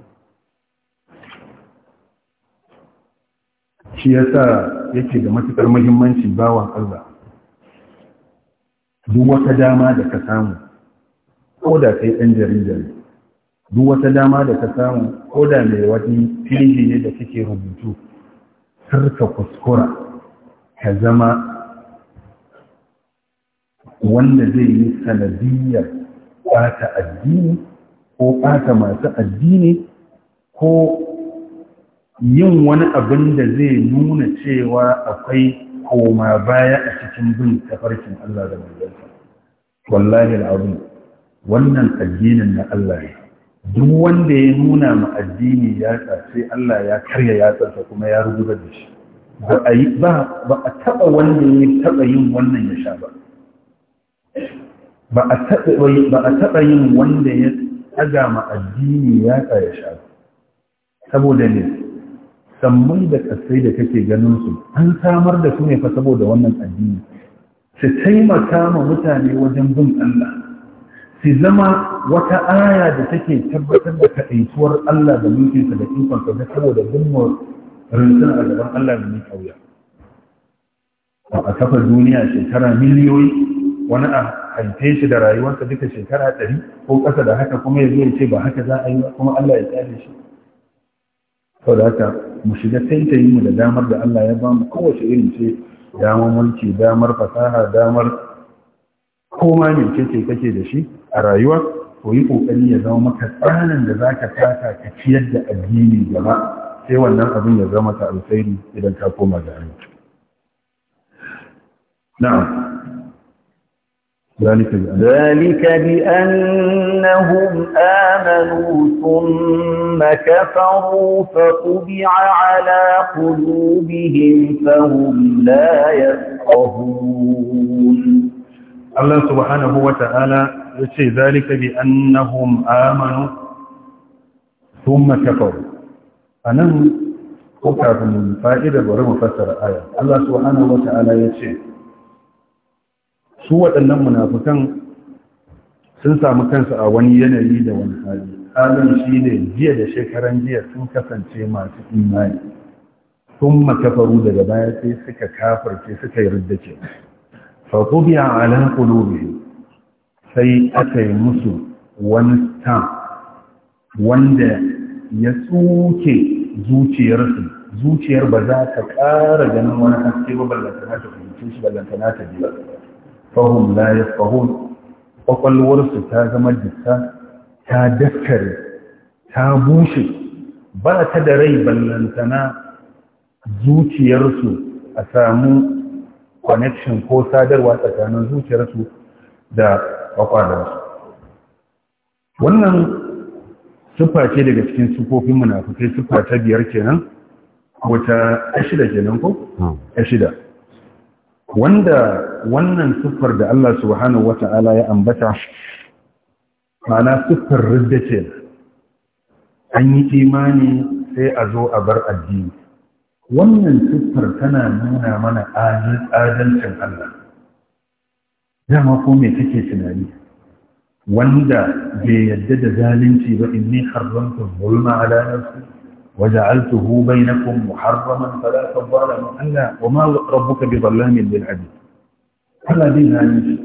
shi yasa yake da matukar muhimmanci bawan Allah duk wata dama da ka samu ko da kai ɗan jarida ne duk wata dama da ka samu ko da mai wani firji ne da kake rubutu kar ka kuskura ka zama wanda zai yi sanadiyar ɓata addini ko ɓata masu addini ko yin wani abin da zai nuna cewa akwai koma baya a cikin bin tafarkin Allah da Allah wallahi al'azim wannan addinin na Allah ne duk wanda ya nuna ma addini ya sai Allah ya karya yatsarsa kuma ya rubuta da shi ba a taɓa wanda ya taɓa yin wannan ya sha ba ba a taɓa yin wanda ya ma addini ya ya sha ba saboda ne sammai da ƙasai da kake ganin su an samar da su ne fa saboda wannan addini su taimaka ma mutane wajen bin Allah su zama wata aya da take tabbatar da kaɗaituwar Allah da mulkinsa da ikonsa da saboda dimmar rinsun a gaban Allah da mai kauya. A kafa duniya shekara miliyoyi wani a haife shi da rayuwarsa duka shekara ɗari ko ƙasa da haka kuma ya zo ya ce ba haka za a yi kuma Allah ya tsare shi. Sau da haka mu shiga taitayi mu da damar da Allah ya ba mu kowace irin ce damar mulki damar fasaha damar koma ne ce kake da shi a rayuwa ko yi kokari ya zama maka tsananin da zaka taka ka ciyar da addini gaba sai wannan abin ya zama ta alkhairi idan ka koma da na'am ذلك بأنهم آمنوا ثم كفروا فطبع على قلوبهم فهم لا يفقهون الله سبحانه وتعالى يشي ذلك بأنهم آمنوا ثم كفروا أنا أكافر من فائدة ورمفسر آية الله سبحانه وتعالى يشي su waɗannan munafukan sun samu kansu a wani yanayi da wani hali halin shi ne jiya da shekaran jiya sun kasance masu imani sun makafaru daga baya sai suka kafarce suka yi riddace faƙubiya alan ƙulubi sai aka yi musu wani stam wanda ya tsuke zuciyarsu zuciyar ba za ta ƙara ganin wani haske ba ballantana ta fahimci shi ballantana ta fahum la yafqahun kwakwalwarsu ta zama dukka ta daskare ta bushe ba ta da rai ballantana zuciyarsu a samu connection ko sadarwa tsakanin zuciyarsu da kwakwalarsu wannan siffa ce daga cikin sufofin munafukai siffa ta biyar kenan ko ta ashida kenan ko hmm. ashida wanda wannan siffar da Allah subhanahu wata'ala ya ambata ma'ana siffar ridda ce an yi imani sai a zo a bar addini wannan siffar tana nuna mana adalcin Allah dama ko mai take tunani wanda bai yadda da zalunci ba inni haramta zulma a nafsi وجعلته بينكم محرما فلا تظالموا ألا وما ربك بظلام للعبيد ألا دينا نشي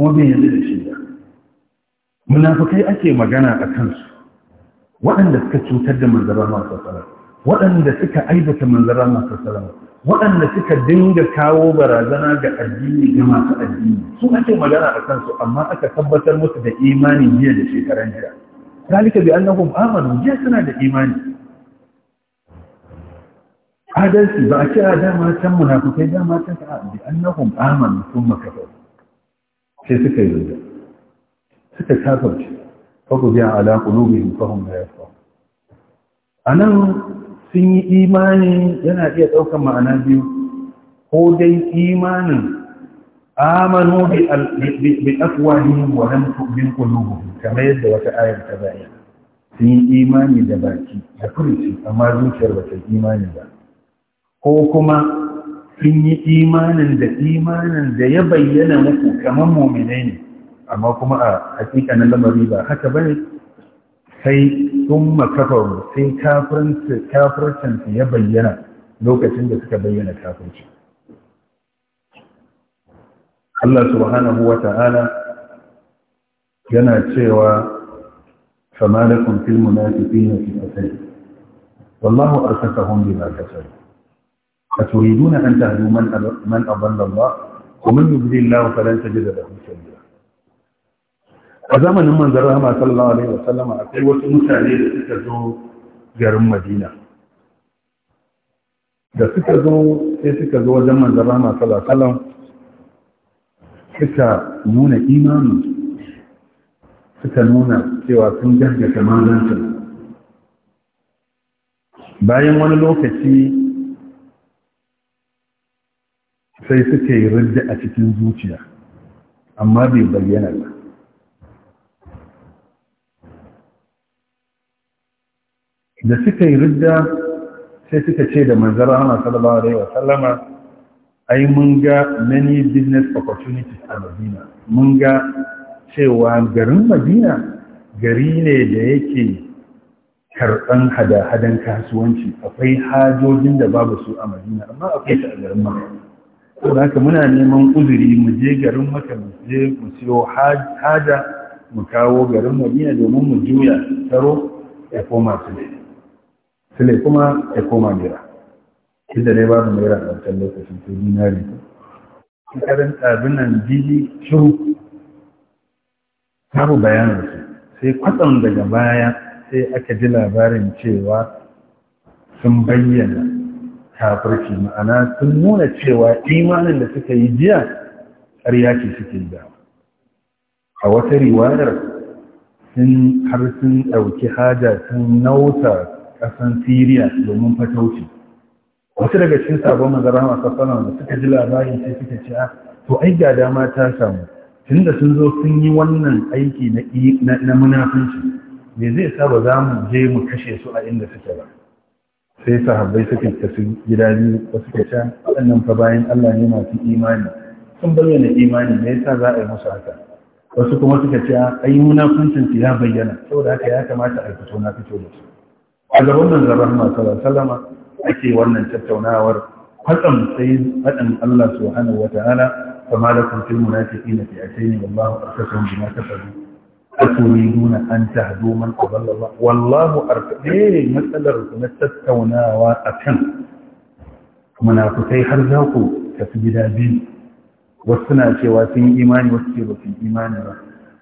هو دين الأشياء منافقي أكي مجانا أكنس وأن لسك تشوتد من ذرا ما تسلم وأن لسك أيضا من ذرا ما تسلم وأن لسك دين كاو برازنا كأدين جماعة أدين سو أكي مجانا أكنس أما أكا ثبت المسد إيماني هي لشيء كرنجا ذلك بأنهم آمنوا جاء سنة إيماني adalci ba a ce a ah, dama can munafukai dama can ka bi annahum amanu thumma kafaru sai suka yi zuwa suka kafirce fa ku biya ala qulubihim fa hum la yafqahun anan sun yi imani yana iya ɗaukar ma'ana biyu ko dai imanin amanu bi afwahihim wa lam tu'min qulubuhum kamar yadda wata ayar ta bayyana sun yi imani da baki da furuci amma zuciyar ba ta imani ba ko kuma sun yi imanin da imanin da ya bayyana muku kamar muminai ne amma kuma a hakikanin lamari ba haka bane sai sun makafaru sai kafircinsu ya bayyana lokacin da suka bayyana kafirci Allah subhanahu wa ta'ala yana cewa فما لكم في المنافقين في أسل والله أرسلهم بما كسبوا a أن تهدوا من من أضل الله ومن يضلل الله فلن تجد له سبيلا أزمن من ذرها ما صلى الله عليه وسلم أكل وسمسا عليه لتكذو garin Madina da suka zo sai suka zo wajen manzan rama salakalan suka nuna imanin suka nuna cewa sun gaggata manzancin bayan wani lokaci sai suka yi ridda a cikin zuciya amma bai bayyana ba da suka yi ridda sai suka ce da manzara hana sallallahu alaihi wa sallama ai mun ga many business opportunities a madina mun ga cewa garin madina gari ne da yake karɓan hada-hadan kasuwanci akwai hajojin da babu su a madina amma akwai shi a garin madina saboda haka muna neman uzuri mu je garin maka mu je mu siyo haja mu kawo garin madina domin mu juya taro ya koma sule sule kuma ya koma naira duk da dai babu naira a wancan lokacin sai dinari ko karin tsabin nan jiji shiru babu bayanansu su sai kwatsam daga baya sai aka ji labarin cewa sun bayyana kafirci ma'ana sun nuna cewa imanin da suka yi jiya ƙarya ce suke yi dama a wata riwayar sun har sun ɗauki haja sun nauta ƙasan siriya domin fatauci wasu daga cikin sabon mazara masu sanar da suka ji labarin sai suka ce a ah, to ai ga dama ta samu tun da sun zo sun yi wannan aiki na munafunci me zai sa ba za mu je mu kashe su a inda suke ba sai sahabbai suka tafi gida biyu wasu ke sha waɗannan fa bayan Allah ne masu imani sun bayyana imani me yasa za a yi musu haka wasu kuma suka ce ai munafuncin ya bayyana saboda haka ya kamata a fito na fito da su a gaban manzon rahma sallallahu alaihi ake wannan tattaunawar kwatsam sai faɗin Allah subhanahu wataala fa malakum fil munafiqina fi'atayn wallahu arsakum bima kafaru أتريدون أن تهدوا من أضل الله والله أرسل إيه مسألة رسولة تتكونا وأتن منافسي حرزاقوا كسجد أبي والسنة شواتي إيمان والسيرة في إيمان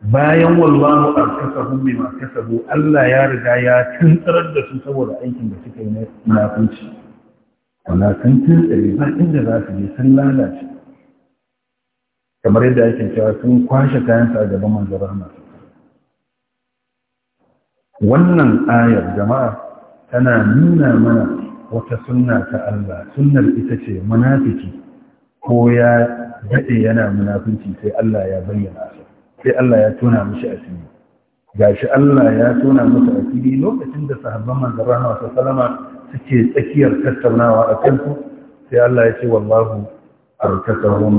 بايم والله أرسلهم بما كسبوا ألا يا رجايا تنترد تصور أيك بسك منافس ولا تنتظر ما إذا ذات يسن لا لا كما رد أيك شواتي كواشة كانت أجب من جرامة wannan ayar jama'a tana nuna mana wata sunna ta Allah sunnar ita ce munafiki ko ya daɗe yana munafinci sai Allah ya bayyana shi sai Allah ya tona mishi asiri gashi Allah ya tona musu asiri lokacin da sahabban manzon rahama sallama suke tsakiyar tattaunawa a kanku, sai Allah ya ce wallahu arkasahum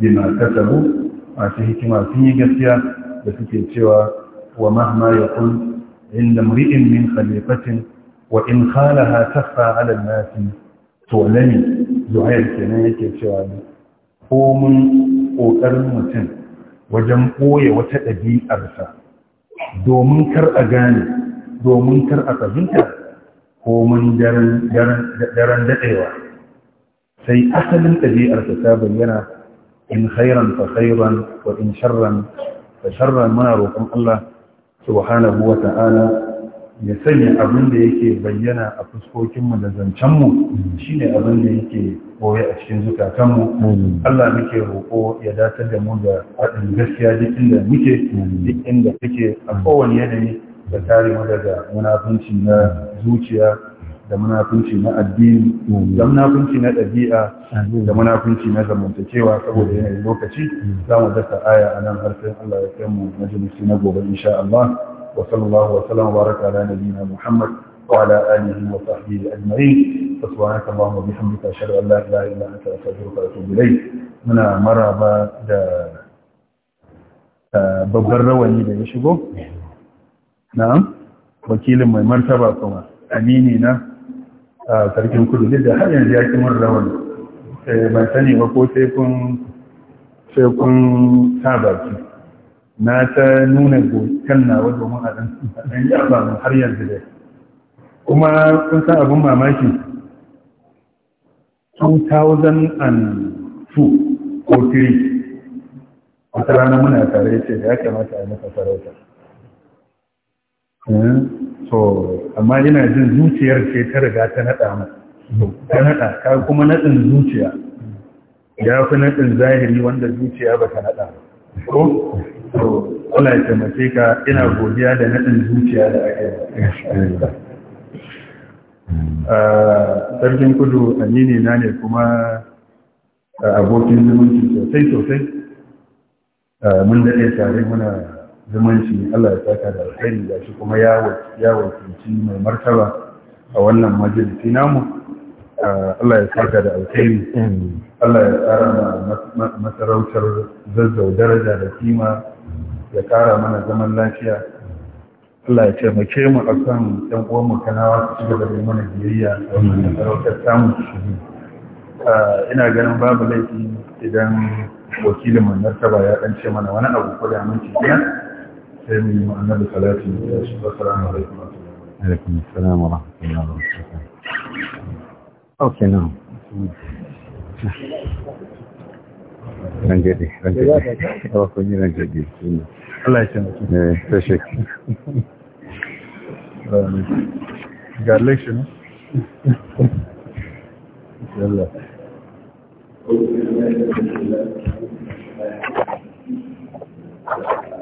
bima kasabu masu hikima sun yi gaskiya da suke cewa wa mahma yaqul عند امرئ من خليفة وإن خالها تخفى على الناس تعلمي زهير كناية شوالي قوم mutum wajen ɓoye wata ɗabi'arsa domin kar a gane domin kar a fahimta ko mun daren daɗewa sai asalin ɗabi'arsa ta bayyana in khairan fa khairan sharran muna roƙon Allah subhanahu wa ta'ala ya sanya abin da yake bayyana a fuskokinmu da zancenmu shi ne abin da yake boye a cikin zukatanmu Allah muke roƙo ya datar da mu da haɗin gaskiya duk inda muke duk inda kake a kowane yanayi da tare mu daga munafunci na zuciya da munafunci na addini da munafunci na ɗabi'a da munafunci na zamantakewa saboda yanayin lokaci za mu dasa aya a nan har sai Allah ya kai mu majalisi na gobe insha Allah wa sallallahu wa sallam wa baraka ala nabiyina Muhammad wa ala alihi wa sahbihi ajma'in subhanaka allahumma wa bihamdika ashhadu an la ilaha illa anta astaghfiruka wa atubu ilayk muna maraba da babban rawani da ya shigo na'am wakilin mai martaba kuma amini na a sarkin kudu duk da har yanzu ya ki mun rawan eh, ban sani ba ko sai kun sa baki na ta nuna gokan nawa domin a ɗan yaba har yanzu dai kuma kun san abin mamaki 2002 ko 3 wata rana muna tare ce da ya kamata a yi masa sarauta Hmm? so amma yana jin zuciyar ce ta riga ta naɗa mu ta naɗa ka kuma naɗin zuciya ya fi naɗin zahiri wanda zuciya ba ta naɗa ko so Allah ya taimake ka ina godiya da naɗin zuciya da ake ah, sarkin kudu amini na ne kuma ah, abokin zumunci sosai sosai ah, mun daɗe tare muna zumunci ne Allah ya saka da alheri da shi kuma ya wakilci mai martaba a wannan majalisi namu ah, Allah ya saka da alheri Allah ya tsara masarautar zazzau daraja da kima ya kara mana zaman lafiya Allah ya taimake mu a kan ɗan uwan mu kanawa su ci gaba da mana biyayya a wannan masarautar tamu ah, ina ganin babu laifi idan wakilin mu martaba ya ɗan ce mana wani abu ko da mun ci السلام عليكم ورحمة الله عليكم السلام ورحمة الله وبركاته أوكي نعم رنجدي رنجدي رنجدي الله يسلمك إيه تشكر قال لك شنو؟ يلا Thank you.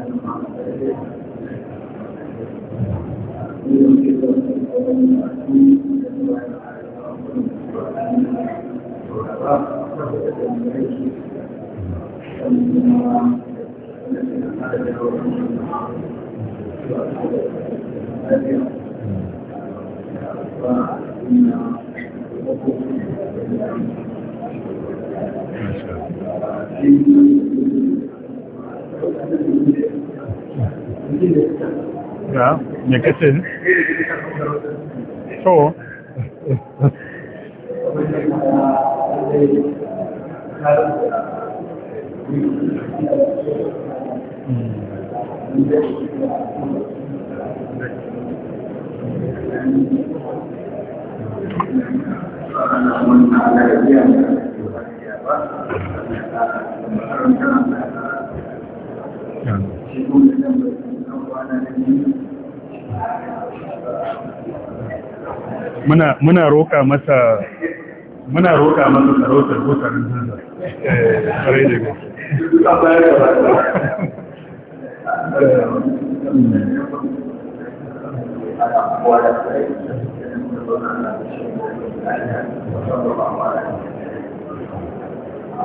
me kace muna roƙa masa muna roƙa masa sarautar mutanen zanzan eh kare da gaske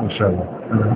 Inshallah. Eh.